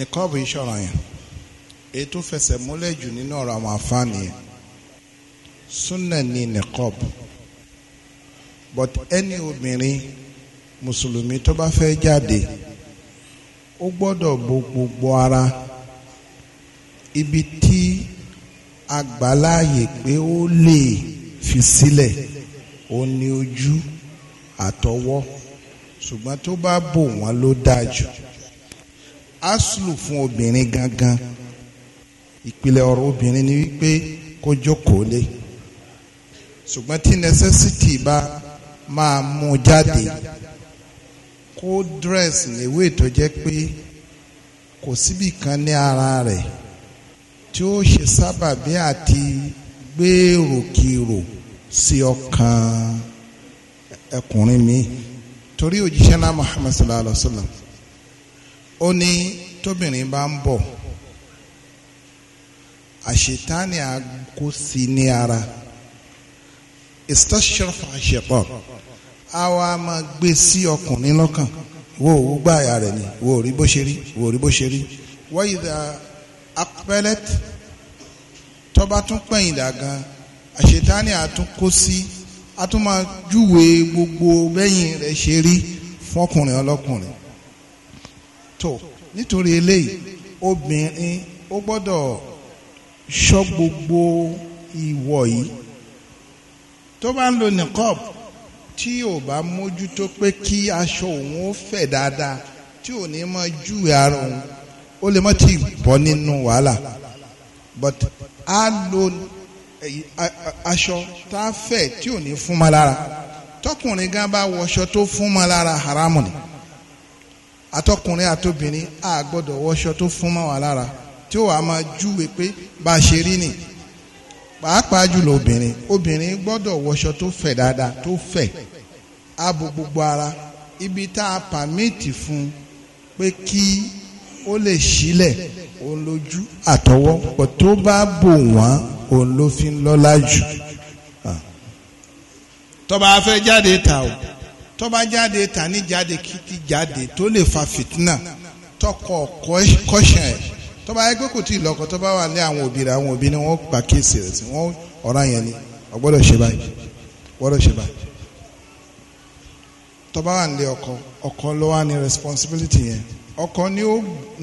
ní kọ́ọ̀bù ìṣọ̀ràn yẹn ètò fẹsẹ̀ múlẹ̀ jù nínú ọ̀rọ̀ àwọn àfáàní yẹn súnà ní nìkọ́ọ̀bù but ẹni obìnrin mùsùlùmí tó bá fẹ́ jáde ó gbọ́dọ̀ bo gbogbo ara ibi tí agbáláàyè pé ó lè fi sílẹ̀ ó ní ojú àtọwọ́ ṣùgbọ́n tó bá bò wọ́n ló dáa jù aslu fún obìnrin gangan ìpìlẹ̀ ọ̀rọ̀ obìnrin ni wípé kó jókòó lé ṣùgbọ́n tí necessity bá máa mú jáde kó dress léwé tó jẹ́ pé kò síbì kan ní ara rẹ̀ tí ó ṣe sábàbí àti gbèròkèrò sí ọkàn ẹkùnrin mi torí òjíṣẹ́ náà Muhammad sallallahu alaihi wa sallam ó ní tóbìnrin bá ń bọ̀ àṣetáni àkó sí ní ara istashrafa àṣepọ̀ a wá máa gbé sí ọkùnrin lọ́kàn wo òwú gbáàyà rẹ̀ ni wo rí bó ṣe rí wo rí bó ṣe rí wa idha aqbalat tọ́ba tún pẹ̀yìn dà gan àṣetáni àtúnkó sí a tún máa júwe gbogbo bẹ́yìn rẹ̀ ṣe rí fọkùnrin ọlọ́kùnrin tó nítorí eléyìí obìnrin ó gbọ́dọ̀ ṣọ́ gbogbo ìwọ̀ yìí tó bá ń lo nìkọ́ọ̀bù tí ò bá mójútó pé kí aṣọ òun ó fẹ̀ dáadáa tí ò ní mọ júwe ara òun ó lè mọ tí ì bọ́ nínú wàhálà but a lo eh, aṣọ tá a fẹ̀ tí ò ní fún ma lára tọkùnrin gan bá wọṣọ tó fún ma lára haramu ni àtọkùnrin àtobìnrin a gbọ́dọ̀ wọṣọ tó fún mọ́ wa lára tí ó wàá máa júwe pé bá a ṣe rí nì pàápàá jùlọ obìnrin obìnrin gbọ́dọ̀ wọṣọ tó fẹ̀ dáadáa tó fẹ̀ abo gbogbo ara ibi tá a pàmìtì fún pé kí ó lè sílẹ̀ òun lójú àtọwọ́ pọ̀ tó bá bò wọ́n òun ló fi ń lọ́lá jù ah. tọ́ba afẹ́ jáde ta o tó bá jáde tani jáde kiti jáde tó lè fa fìtínà tọkọ kọṣẹ ẹ tó bá yẹ pé kò tí ì lọkọ tó bá wà lé àwọn òbí rẹ àwọn òbí ni wọn gbà kéèsì rẹ sí wọn ọ̀ràn yẹn ni ọgbọ́dọ̀ ṣe báyìí ọgbọ́dọ̀ ṣe báyìí tó wà lé ọkọ ọkọ ló wà ní responsibility yẹn ọkọ ni ó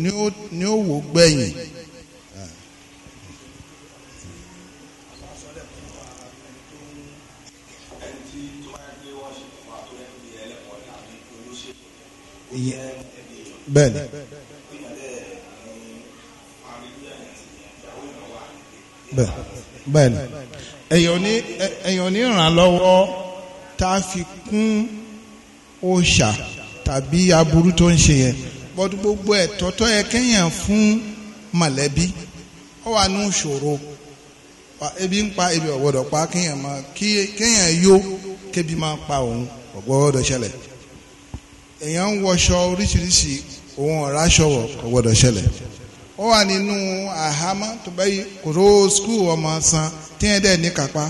ni ó ni ó wò gbẹ̀yìn bẹ́ẹ̀ni. bẹ́ẹ̀ni èèyàn ní ìrànlọ́wọ́ tá a fi kún òòṣà tàbí aburú tó ń ṣe yẹn bọ́dún gbogbo ẹ tó yẹ kéèyàn fún mọ̀lẹ́bí ó wà ní ìṣòro ebi ń pa ebi ọ̀gbọ́dọ̀ pa kéèyàn yó kébi máa pa òun ọ̀gbọ́dọ̀ ṣẹlẹ̀. èèyàn ń wọṣọ oríṣiríṣi òun ọ̀rá ṣọwọ́ kò gbọ́dọ̀ ṣẹlẹ̀ ó wà nínú àhámọ́ tó bá yí kòró skul ọmọ san tí yẹn dẹ̀ ní kápá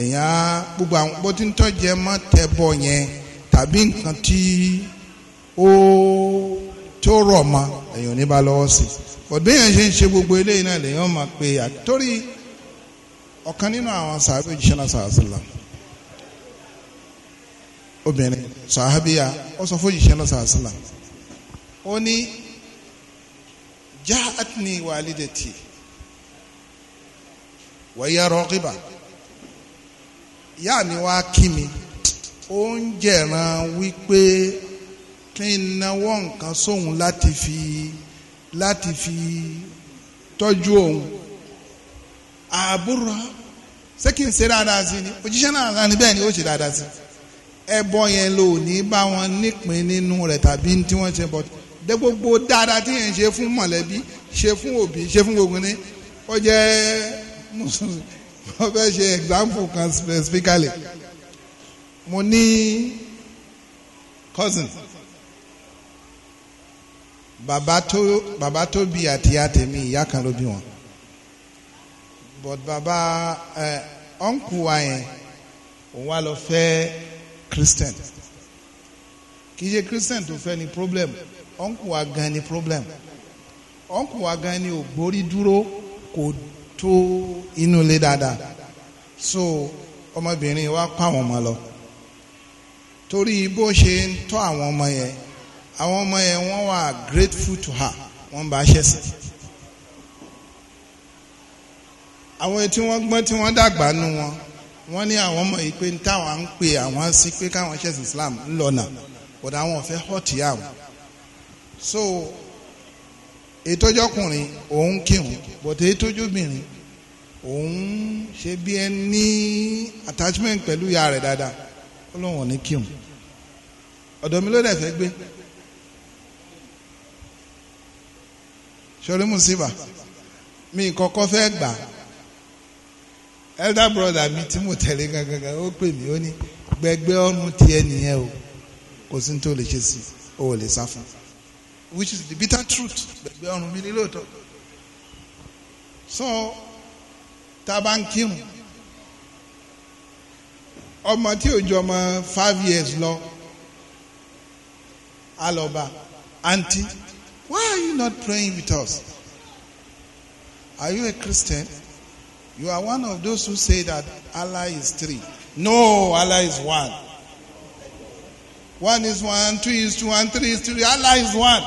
èèyàn gbogbo àwọn bó ti ń tọ́jú ẹ mọ́ tẹ bọ̀ yẹn tàbí nǹkan tí ó tó rọ̀ mọ́ èèyàn ò ní bá lọ́wọ́ sí bọ̀dé yẹn ṣe ń ṣe gbogbo eléyìí náà lèèyàn máa pe àtórí ọ̀kan nínú àwọn sàbẹ̀ òjíṣẹ́ náà sàbẹ̀ obìnrin sàhábíyà ó sọ fún yìí ṣẹlẹ̀ sàásìlà ó ní jaatni walidati wa hiya raqiba ìyá mi wá kí mi ó ń jẹ̀ràn wípé kí n náwó nǹkan sóhun láti fi láti fi tọ́jú òun àbúrò ṣé dáadáa sí ni òjíṣẹ́ náà ní bẹ́ẹ̀ ni ó ṣe dáadáa sí i ẹbọ yẹn lò ní bá wọn nípìn nínú rẹ̀ tàbí tí wọ́n ṣe bọ̀ dé gbogbo dáadáa tí yẹn ṣe fún mọ̀lẹ́bí ṣe fún òbí ṣe fún gbogbo ní ó jẹ́ mùsùlùmí fẹ́ ṣe example kan specifically mo ní cousin bàbá tó bàbá tó bí àtìyá tèmi ìyá kan ló bí wọn but bàbá ọ̀nkù eh, wa yẹn òun wá lọ fẹ́ẹ́ christian kì í ṣe christian tó fẹ́ ni problem ọ̀nkù wa gan ni problem ọ̀nkù wa gan ni ò gbórí dúró kò tó inú ilé dáadáa so ọmọbìnrin wa kọ́ àwọn ọmọ lọ torí bó ṣe ń tọ́ àwọn ọmọ yẹn àwọn ọmọ yẹn wọ́n wà grateful to her wọ́n bá ṣẹ̀sìn. àwọn tí wọ́n gbọ́n tí wọ́n dàgbà nù wọn wọ́n ní àwọn mọ̀ yìí pé ní táwọn à ń pè àwọn sí pé káwọn ṣẹ̀sìn Islam ńlọ́nà kódà àwọn ọ̀fẹ́ họ́ọ̀tì àwọn so ètòjọkùnrin òun kírun bọ̀tẹ̀ ètòjọbìnrin òun ṣe bí ẹ ní attachment pẹ̀lú ìyá rẹ̀ dáadáa ó lóun ò ní kírun ọ̀dọ̀ mi ló dẹ̀ fẹ́ gbé ṣọlẹ́mùsíbà mi kọ́kọ́ fẹ́ gbà á elder brother mi tí mo tẹ̀lé gangan ó pè mí ó ní gbẹgbẹ ọrùn tiẹ̀ nìyẹn o kò sí ní tó lè ṣe sí o ò lè sá fún which is the bitter truth gbẹgbẹ ọrùn mi ní lóòótọ́ so tá a bá ń ọmọ tí ò ju ọmọ five years lọ a lọ aunty why are you not praying with us are you a Christian. You are one of those who say that Allah is three. No, Allah is one. One is one, two is two, and three is three. Allah is one.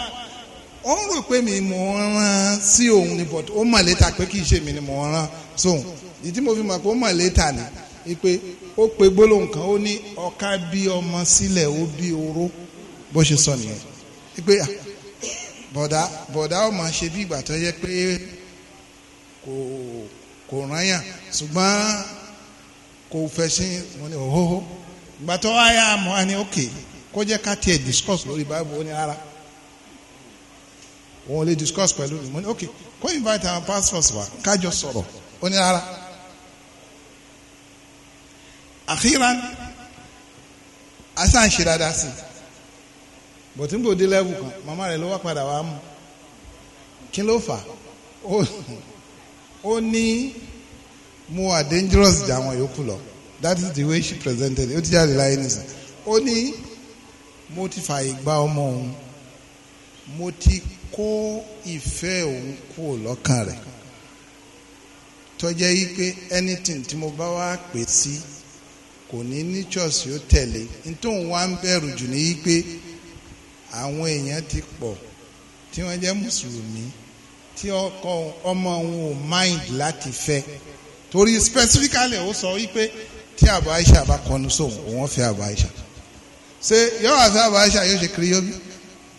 Ó ń rò pé mi mò ń rán sí òun ni but ó mọ̀ létà pé kì í ṣe mi ni mò ń rán sóun. Ìdí mo fi mọ̀ pé ó mọ̀ létà ni pé ó pe gbólóhùn kan ó ní ọ̀ka bí ọmọ sílẹ̀ ó bí oró bó ṣe sọ nìyẹn. Pé ah, bọ̀dá bọ̀dá ó ṣe bí ìgbà tó yẹ pé kò kò ráyàn ṣùgbọ́n kò fẹsẹ̀ wọn ni òhóhó ìgbà tó wáyà mọ́ ẹni òkè kó jẹ́ ká tiẹ̀ discuss lórí báyìí ó ní ara òun lè discuss pẹ̀lú mi mo ní ok kó invite our pastors wa kájọ sọ̀rọ̀ ó ní rárá. àkíran asan ṣe dáadáa sí i bọ̀tún gbòde lẹ́wù kan màmá rẹ̀ ló wá padà wá mú kí ló fà ó ó ní mo are dangerous jà àwọn yòókù lọ that is the way she presented it ó ti jáde láyé nìsín ó ní mo ti fààyè gba ọmọ òun mo ti kó ìfẹ́ òun kúrò lọ́kàn rẹ̀ tọ́jẹ́ yí pé anything tí mo bá wá pè sí kò ní ní choice yóò tẹ̀lé nítorí wá ń bẹ̀rù jù ní yí pé àwọn èèyàn ti pọ̀ tí wọ́n jẹ́ mùsùlùmí tí ọkọ ọmọ òun ò mind láti fẹ́ torí specifically ó sọ wípé tí àbọ̀ Aisha bá kọnu sóun òun fẹ́ àbọ̀ Aisha ṣe yọ̀wọ̀ àfẹ́ àbọ̀ Aisha yóò ṣe kiri yóbi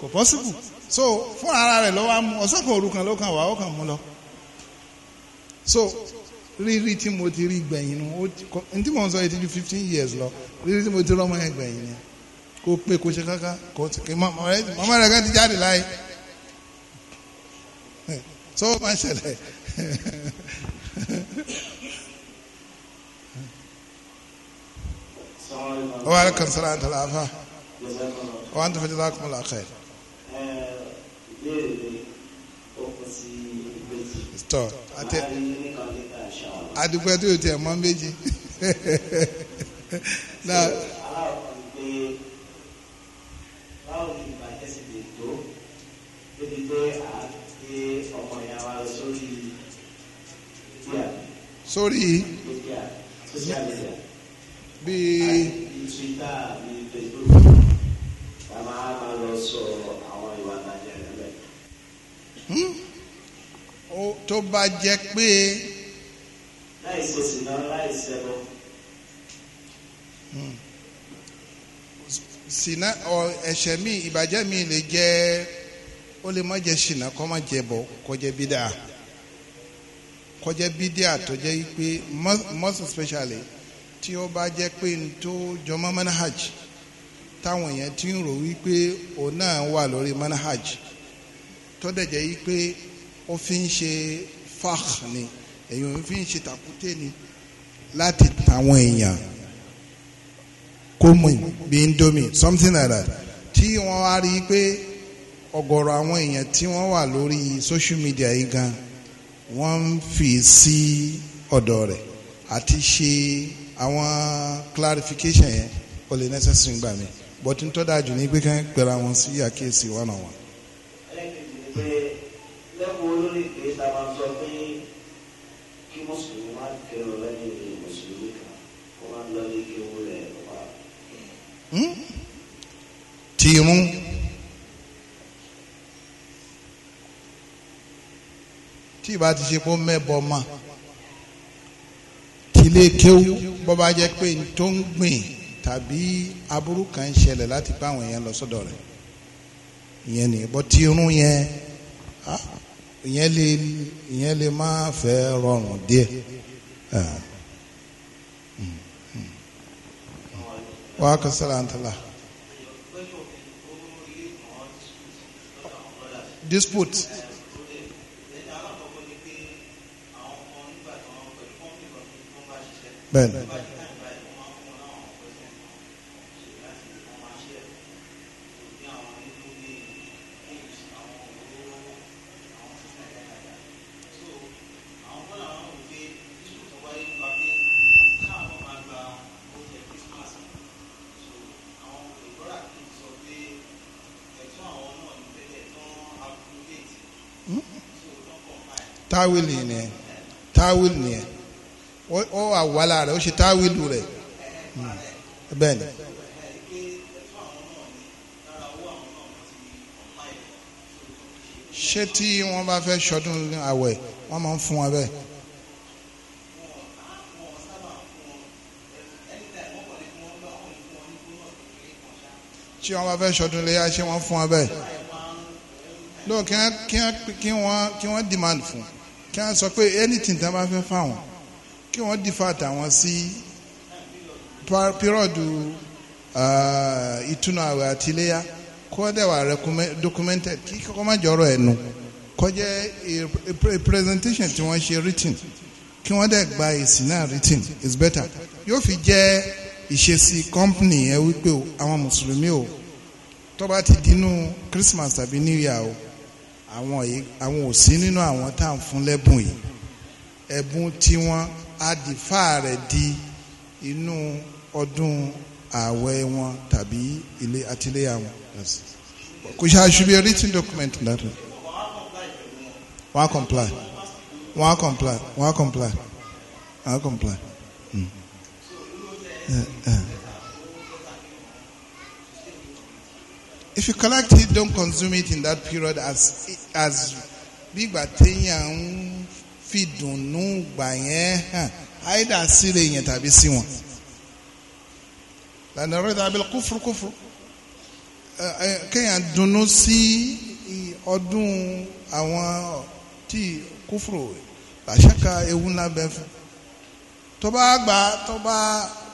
kò possible so fún ara rẹ̀ lọ́wọ́ amú ọ̀sọ́kọ̀ òrukàn ló kàn wá ó kàn mú lọ so rírí tí mo ti rí gbẹ̀yìn nu n tí mo ń sọ yìí ti ju fifteen years lọ rírí tí mo ti rọ́mọ yẹn gbẹ̀yìn ni kó pé kó ṣe káká kó ti kí mama rẹ kàn ti jáde láyé sọ́wọ́ máa ń ṣẹlẹ̀ wa aleykum salaam tala afa wa an tafa jala kumala akhair. tọ àti àdúgbò tó yóò tiẹ̀ mọ́ méjì sórí bíi. Hmm? tó bá jẹ́ pé. láìsí sinna láìsí ẹbọ. sinna ọ ẹ̀ṣẹ̀ mi ìbàjẹ́ mi lè jẹ́ ó lè má jẹ́ sinna kó má jẹ́ bọ kó jẹ́ bídà kọjá bidia àtọ́jẹ́ yìí pé most especially tí ó bá jẹ́ pé n tó jọ mọ́ manhaj táwọn èèyàn ti ń rò wípé òun náà wà lórí manhaj tó dẹ̀ jẹ́ wípé ó fi ń ṣe fakh ni èèyàn fi ń ṣe tàkúté ni láti tàwọn èèyàn kó mọ̀ ń domi something like that tí wọ́n wá rí i pé ọ̀gọ̀rọ̀ àwọn èèyàn tí wọ́n wà lórí social media yìí gan wọ́n ń fi sí ọ̀dọ̀ rẹ̀ àti ṣe àwọn clarification yẹn ó lè necessary gbà mí but n tó dáa jù ní pé kán pẹ̀lú àwọn sí àkíyèsí one on one. ẹlẹ́kẹ̀jì ni tí ìbá ti ṣe kó mẹ́bọ mọ́ tilé kéwú bó bá jẹ́ pé n tó ń gbìn tàbí aburú kan ń ṣẹlẹ̀ láti bá àwọn èèyàn lọ sọ́dọ̀ rẹ̀ ìyẹn ni bọ́ tí irun yẹn ìyẹn lè ìyẹn lè má fẹ́ rọrùn díẹ̀. wàá kọ sílẹ̀ àǹtàlà. dispute. bẹ́ẹ̀ ni. táwìlì nìyẹn táwìlì nìyẹn ó àwàlà rẹ̀ ó ṣe táwìlù rẹ̀ hmm. bẹ́ẹ̀ ni. ṣé tí wọ́n bá fẹ́ ṣọdún àwẹ̀ wọ́n máa ń fún wọn bẹ́ẹ̀. tí wọ́n bá fẹ́ ṣọdún léyà ṣé wọ́n fún wọn bẹ́ẹ̀. lóò kí wọ́n kí wọ́n kí wọ́n demand fún kí wọ́n sọ pé anything tí wọ́n bá fẹ́ fáwọn kí wọ́n defer tàwọn sí pírọ̀dù uh, ìtúnu àwẹ̀ àti iléyà kó dẹ̀ documented kí kọ́kọ́ má jọ̀rọ̀ ẹnu kó a presentation tí wọ́n ṣe written kí wọ́n dẹ̀ gba èsì náà written is better yóò fi jẹ́ ìṣesí company yẹn wípé o àwọn mùsùlùmí o tó ti dínú Christmas tàbí New Year o àwọn yìí àwọn ò sí nínú àwọn tá à ń fún lẹ́bùn yìí ẹ̀bùn tiwọn adìfá rẹ̀ di inú ọdún ààwẹ̀ wọn tàbí ilé àtìlẹ́yà wọn. kò ṣe should be a written document that way. wọ́n á comply wọ́n á comply wọ́n á comply wọ́n á comply. Hmm. Eh, eh. If you collect it, don't consume it in that period as as bí ìgbà téèyàn ń fi dùnnú gbà yẹn hàn àìdá síre yẹn tàbí sí wọn. lànà rẹ̀ tàbí kúfurukúfuru kéèyàn dunnú sí ọdún àwọn tí kúfuru làṣàkà ewu ńlá bẹ́ẹ̀ fún tọ́ba àgbà tọ́ba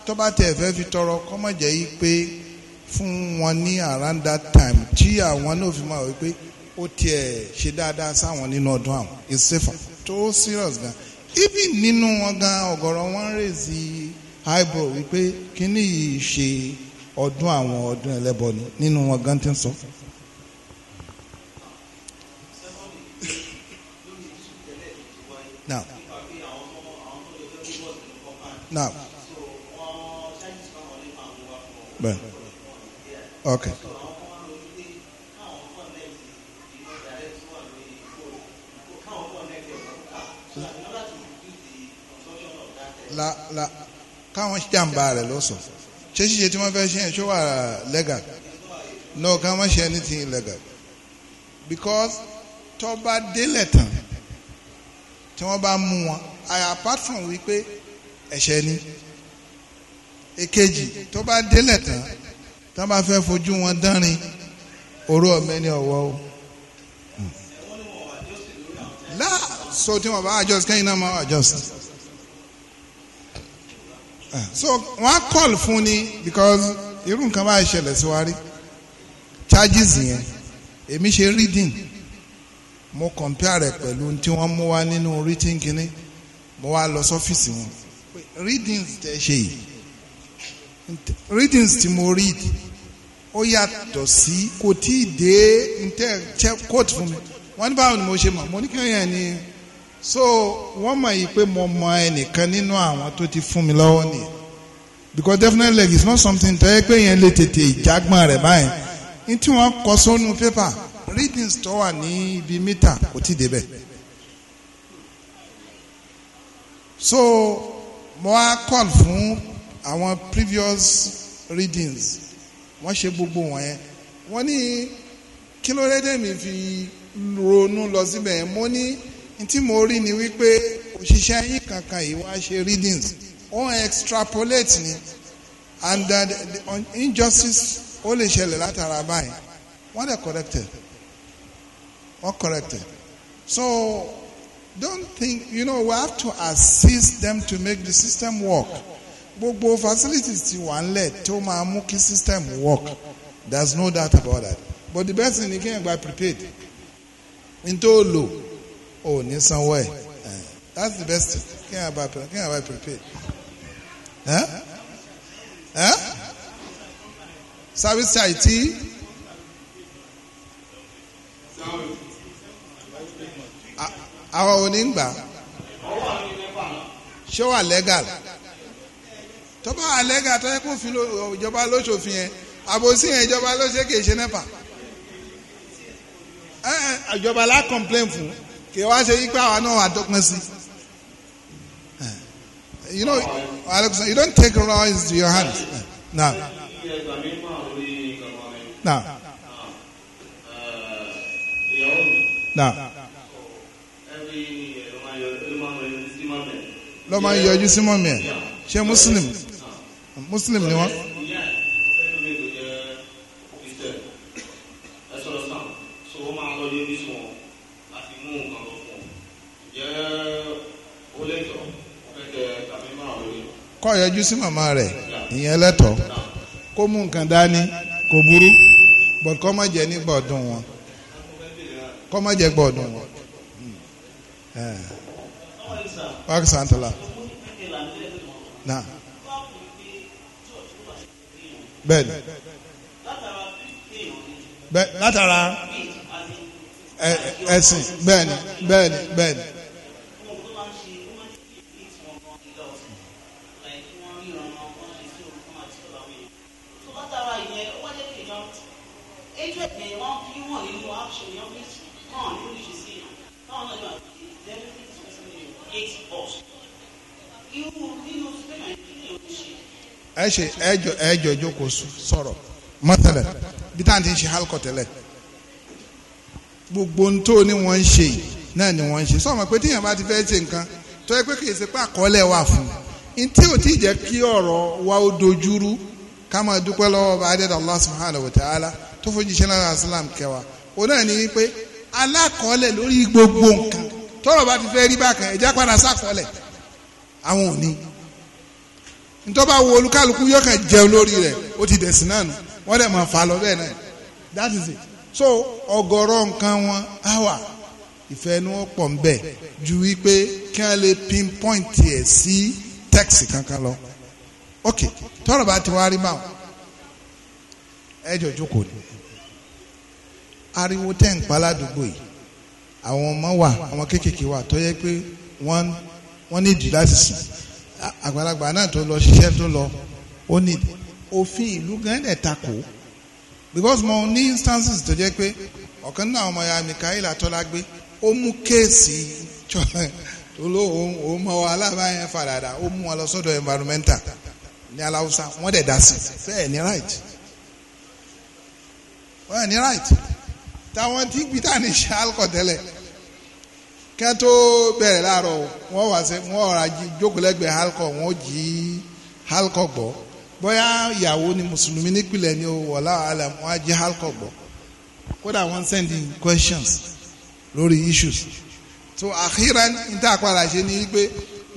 tọ́ba tẹ̀ fẹ́ fi tọrọ kọ́mọ̀jẹ́ yìí pé fún wọn ní around that time tí àwọn náà fi máa wí pé ó tiẹ̀ ṣe dáadáa sáwọn nínú ọdún àwọn ìṣẹ́fà. tó serious gan even nínú wọn gan ọ̀gọ̀rọ̀ wọn rèézi highbrow wípé kíní yìí ṣe ọdún àwọn ọdún ẹlẹbọ ni nínú wọn gan ti ń sọ. now now okay. la la káwọn jàǹbá rẹ̀ ló sọ ṣé ṣíṣe tí wọ́n fẹ́ ṣe ṣó wà legal no ká má ṣe anything legal because tó bá délẹ̀ tán tí wọ́n bá mú wọn apart from wípé ẹ̀ṣẹ̀ ni èkejì tó bá délẹ̀ tán tó bá fẹ́ fojú wọn dánrin orú ọmọ ẹni ọ̀wọ́ o. Hmm. láà so tí wọn bá adjust kẹ́yìn náà máa adjust so wọ́n call fún ni because irú nǹkan bá ṣẹlẹ̀ sí wa rí charges yẹn èmi ṣe reading mo compare rẹ̀ pẹ̀lú tí wọ́n mú wá nínú reading kínní mo wá lọ sọ́fíìsì wọn readings tẹ ṣe yìí readings tí mo read ó yàtọ̀ sí kò tí ì dé ntẹ quote fún mi wọ́n ní báwo ni mo ṣe mọ̀ mo ní kí wọ́n yẹn ni so wọ́n mọ̀ yìí pé mo mọ ẹnìkan nínú àwọn tó ti fún mi lọ́wọ́ nìyẹn because definitely like, it's not something tẹ́ pé yẹn lè tètè ìjágbọ́n rẹ̀ báyìí ní tí wọ́n kọ sónú pépà readings tó wà ní ibi mítà kò tí débẹ̀ so mo á call fún àwọn previous readings wọ́n ṣe gbogbo wọn yẹn wọ́n ní kí ló rẹ́ dẹ́mi fi ronú lọ síbẹ̀ yẹn mo ní ntí mo rí ni wípé òṣìṣẹ́ yín kankan yìí wá ṣe readings ó ń extrapolate ni and that the injustice ó lè ṣẹlẹ̀ látara báyìí wọ́n dẹ̀ corrected wọ́n corrected so don't think you know we have to assist them to make the system work gbogbo facilities ti wà ńlẹ̀ tó máa mú kí system work there's no doubt about that but the best thing ni kéèyàn gba prepaid n tó lò o ò ní sanwó ẹ̀ that's the best kí n àbá kí n àbá prepare Huh? Huh? service charge tí. àwọn onígbà ṣé wà legal tó bá wà legal tó yẹ kó fi ìjọba lóṣòfin yẹn àbòsí yẹn ìjọba ló kì í ṣe nípa ìjọba lá complain fún kì wá ṣe yí pé àwa náà sí eh. you know Alexander, you don't take law into your hands now, now. na lọ́mọ yọjú sí mọ́mí ẹ̀ ṣé muslim muslim ni wọ́n. yọjú sí màmá rẹ̀ ìyẹn lẹ́tọ̀ọ́ kó mú nǹkan dání kò burú bọ̀dù kọ́ má jẹ́ nígbà ọdún wọn kọ́ má jẹ́ gbọ́ ọdún wọn. wákì eh. santala na bẹ́ẹ̀ni látara eh, eh, ẹ̀sìn bẹ́ẹ̀ni bẹ́ẹ̀ni bẹ́ẹ̀ni. e ṣe ẹjọ ẹjọ ìjókòó sọ̀rọ̀ mọtẹlẹ bí táwọn ti ń ṣe tẹ́lẹ̀ gbogbo ohun tó wọ́n ń ṣe náà ni wọ́n ń ṣe sọmọ pé bá ti fẹ́ ṣe nǹkan tó yẹ pé kì í ṣe pé àkọọ́lẹ̀ wà fún un tí ò tí ì jẹ́ kí ọ̀rọ̀ wa ó dojúrú ká máa dúpẹ́ lọ́wọ́ bá adé Allah subhanahu wa ntọ́ba wo olúkálukú yóò kàn jẹun lórí rẹ̀ ó ti dẹ̀sìn náà nù wọ́n dẹ̀ máa fà lọ bẹ́ẹ̀ náà that is it so ọ̀gọ̀rọ̀ nǹkan wọn á wà ìfẹ́ ni wọ́n pọ̀ ń bẹ̀ ju wípé kí wọ́n lè pinpoint ẹ̀ sí tẹ́kìsì kankan lọ ok tọ́rọ̀ bá ti wá rí báwọn ẹ jọ jókòó ni ariwo tẹ́ ń pa ládùúgbò yìí àwọn ọmọ wa àwọn kéékèèké wa tó yẹ pé wọ́n nídìí láti sùn àgbàlagbà náà tó lọ ṣiṣẹ́ tó lọ ó ní òfin ìlú gan dẹ̀ takò because mo ní instances tó jẹ́ pé ọ̀kan náà ọmọ ya Mikael Atọ́lágbé ó mú kéèsì tó ló òun mọ alábàáyẹn fàdàdà ó mú wọn lọ sọ́dọ̀ environmental ní aláwùsá wọ́n dẹ̀ dá sí bẹ́ẹ̀ ní right wọ́n ẹ̀ ní right táwọn tí gbìtá ní ṣe alcohol tẹ́lẹ̀ kẹ́ tó bẹ̀rẹ̀ láàárọ̀ wọ́n wà sẹ́ wọ́n ọ̀rà jókòó lẹ́gbẹ̀ẹ́ halkọ̀ wọ́n jí halkọ̀ gbọ́ bóyá ìyàwó ni mùsùlùmí nípìnlẹ̀ ni ó wọ̀lá àlẹ́ wọ́n á jí halkọ̀ gbọ́ kódà wọ́n sending questions lórí issues so àkírá níta àpàlà ṣe ni wípé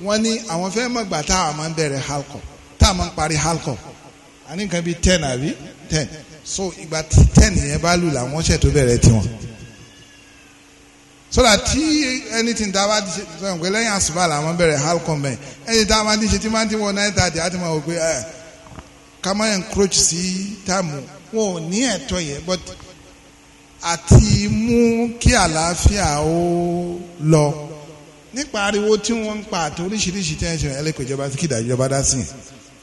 wọ́n ní àwọn fẹ́ mọ̀ gbà táwọn máa ń bẹ̀rẹ̀ halkọ̀ táwọn máa ń parí halkọ̀ àní nǹkan bíi ten àbí ten so ìgbà ten yẹn bá lù làwọn ṣètò bẹ̀rẹ̀ tiwọn so that tí anything tá a bá ti ṣe sọ pé lẹ́yìn àṣùbà làwọn bẹ̀rẹ̀ halcon bẹ́ẹ̀ ẹni tá a máa ti ṣe tí máa ti wọ nine thirty àti máa wọ pé ẹ ah, ká máa encroach sí táàmù wọn ò ní ẹ̀tọ́ yẹn but àti mú kí àlàáfíà ó lọ nípa ariwo tí wọ́n ń pa àti oríṣiríṣi tẹ́ńṣọ̀n ẹlẹ́kọ̀ọ́ ìjọba kí ìdájọba dá sí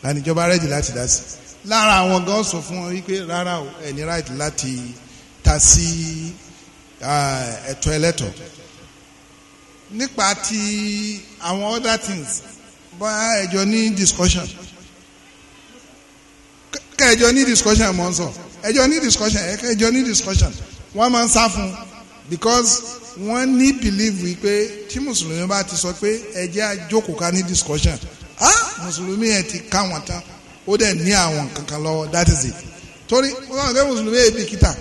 láti ìjọba rẹ́dì láti dá sí lára àwọn gan sọ fún wọn wípé rárá ẹ ní right láti ta sí Ah, ẹ̀tọ́ ẹlẹ́tọ̀ nípa ti àwọn other things bóyá ẹjọ́ ní discussion kẹjọ ní discussion mọ̀ ń sọ ẹjọ́ ní discussion ẹ̀kẹjọ ní discussion wọ́n máa ń sá fún because wọ́n ní believe wípé tí mùsùlùmí bá ti sọ pé ẹ jẹ́ àjókòó ká ní discussion ah mùsùlùmí ẹ̀ ti káwọn tán ó dẹ̀ ní àwọn kankan lọ́wọ́ that is it torí wọ́n sọ pé mùsùlùmí ẹ̀ bìkítà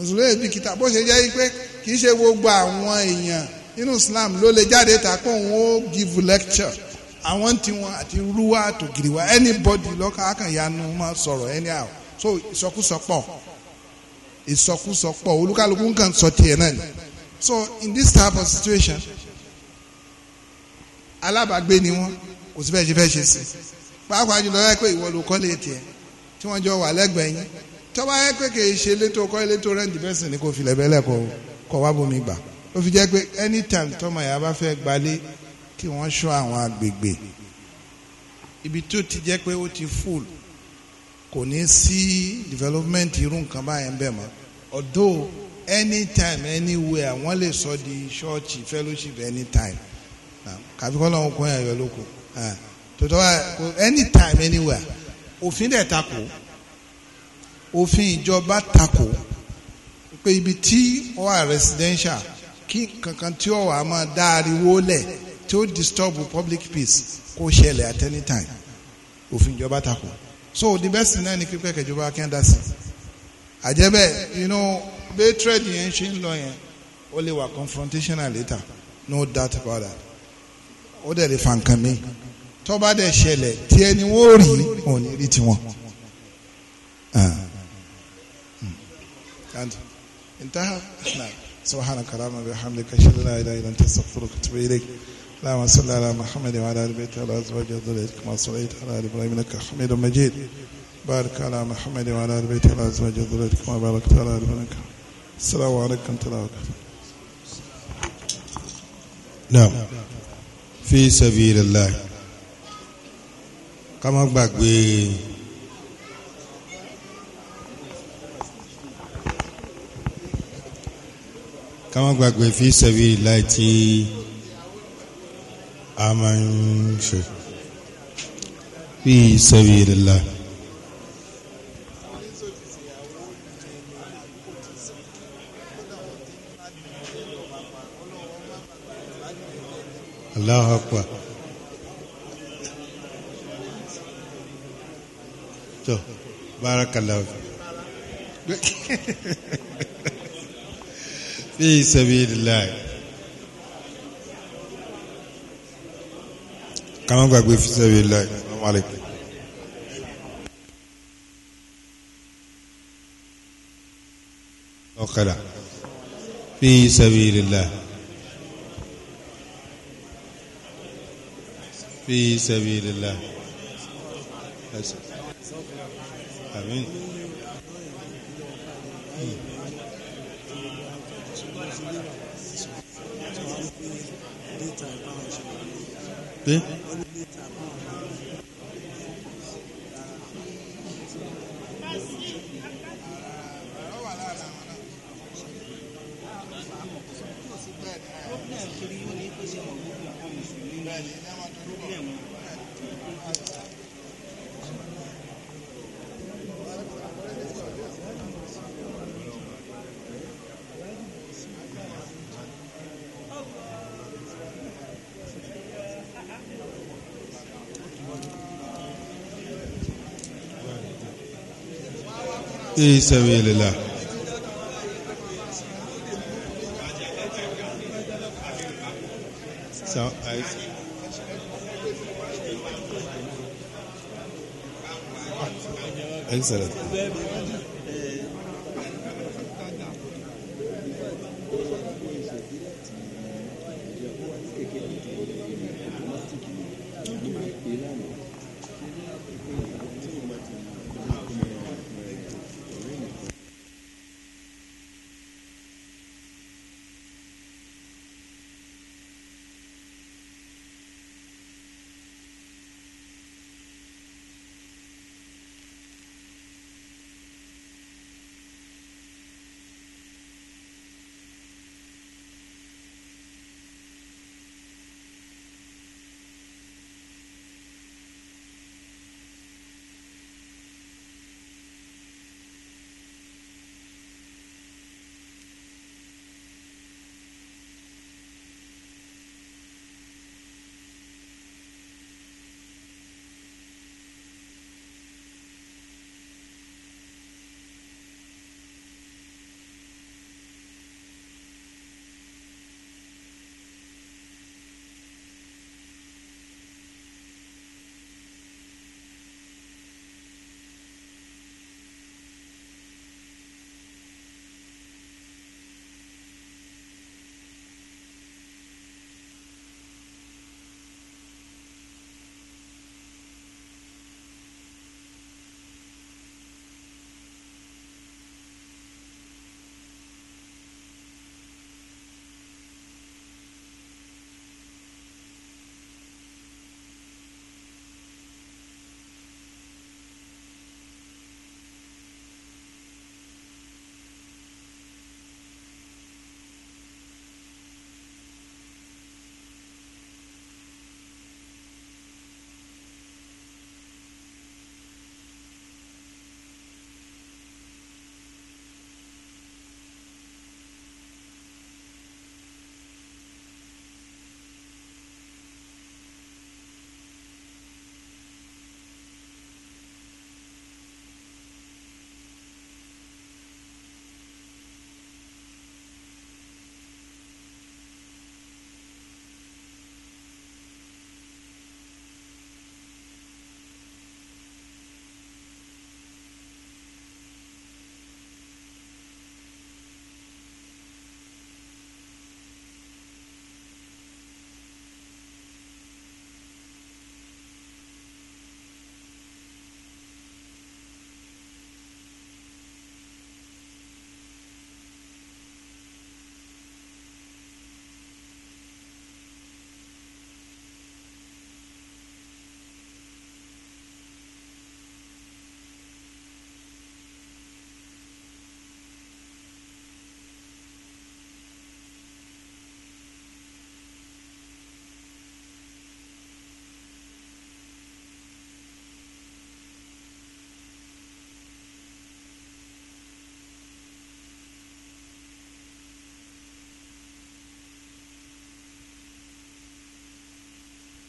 mùsùlùmí bí kìtà bó ṣe jẹ́ pé kì í ṣe gbogbo àwọn èèyàn nínú Islam ló lè jáde ta kó ó give lecture àwọn tiwọn àti rúwà àtògìrìwà anybody lọ́kàn akànyanu máa sọ̀rọ̀ anyhow so ìsọkúsọ pọ̀ olúkálukú nǹkan sọ tiẹ̀ náà ni so in this type of situation alábàágbé ni wọn kò sí bẹ́ẹ̀ ṣe fẹ́ ṣe sí pàápàá jùlọ láìpẹ́ ìwọ ló kọ́ lè tiẹ̀ tí wọ́n jọ wà lẹ́gbẹ̀ẹ́ yín tọ́ba yẹ pé kì í ṣe létò kọ́ létò rẹ́ǹdì bẹ́sẹ̀ ni kò filẹ̀ bẹ́lẹ̀ kọ́ kọ́ wá bomi gbà ó fi jẹ́ pé anytime tọ́mọ yà bá fẹ́ gbalé kí wọ́n ṣọ́ àwọn agbègbè ibi tó ti jẹ́ pé ó ti full kò ní sí development irú nǹkan báyẹn bẹ́ẹ̀ mọ́ although anytime anywhere wọ́n lè sọ di ṣọ́ọ̀ṣì fellowship anytime kàfi kọ́ lọ́wọ́ kún ẹ̀yọ́ lóko tòtọ́ anytime anywhere òfin dẹ̀ ta kò òfin ìjọba takò pé ibi tí ó wà residential kí kankan tí ó wà máa dá ariwo lẹ̀ tí ó disturb public peace kó ṣẹlẹ̀ at any time òfin ìjọba takò so the best thing náà ni kíkọ́ ìjọba kí n dá sí àjẹbẹ́ inú hatred yẹn ṣe ń lọ yẹn ó lè wà confrontational later no doubt about that ó dẹ̀ lè fa nǹkan mi tó bá dẹ̀ ṣẹlẹ̀ tí ẹni wọ́n rí òní rí tiwọn. Uh. أنت انتهى نعم سبحانك اللهم وبحمدك أشهد أن لا إله إلا أنت أستغفرك وأتوب إليك اللهم صل على محمد وعلى آل بيت وعلى أزواجه وذريته كما صليت على آل إبراهيم إنك حميد مجيد بارك على محمد وعلى آل بيت وعلى أزواجه وذريته كما باركت على آل إبراهيم السلام عليكم ورحمة الله وبركاته نعم في سبيل الله كما gbàgbé Kama gbàgbé fi sẹ́bi láì tí a máa ń ṣe fi sẹ́bi lẹ́la. Allahu Akbar. tó bárakàlá. في سبيل الله كما قال في سبيل الله السلام عليكم وقال في سبيل الله في سبيل الله أمين pé. في سبيل الله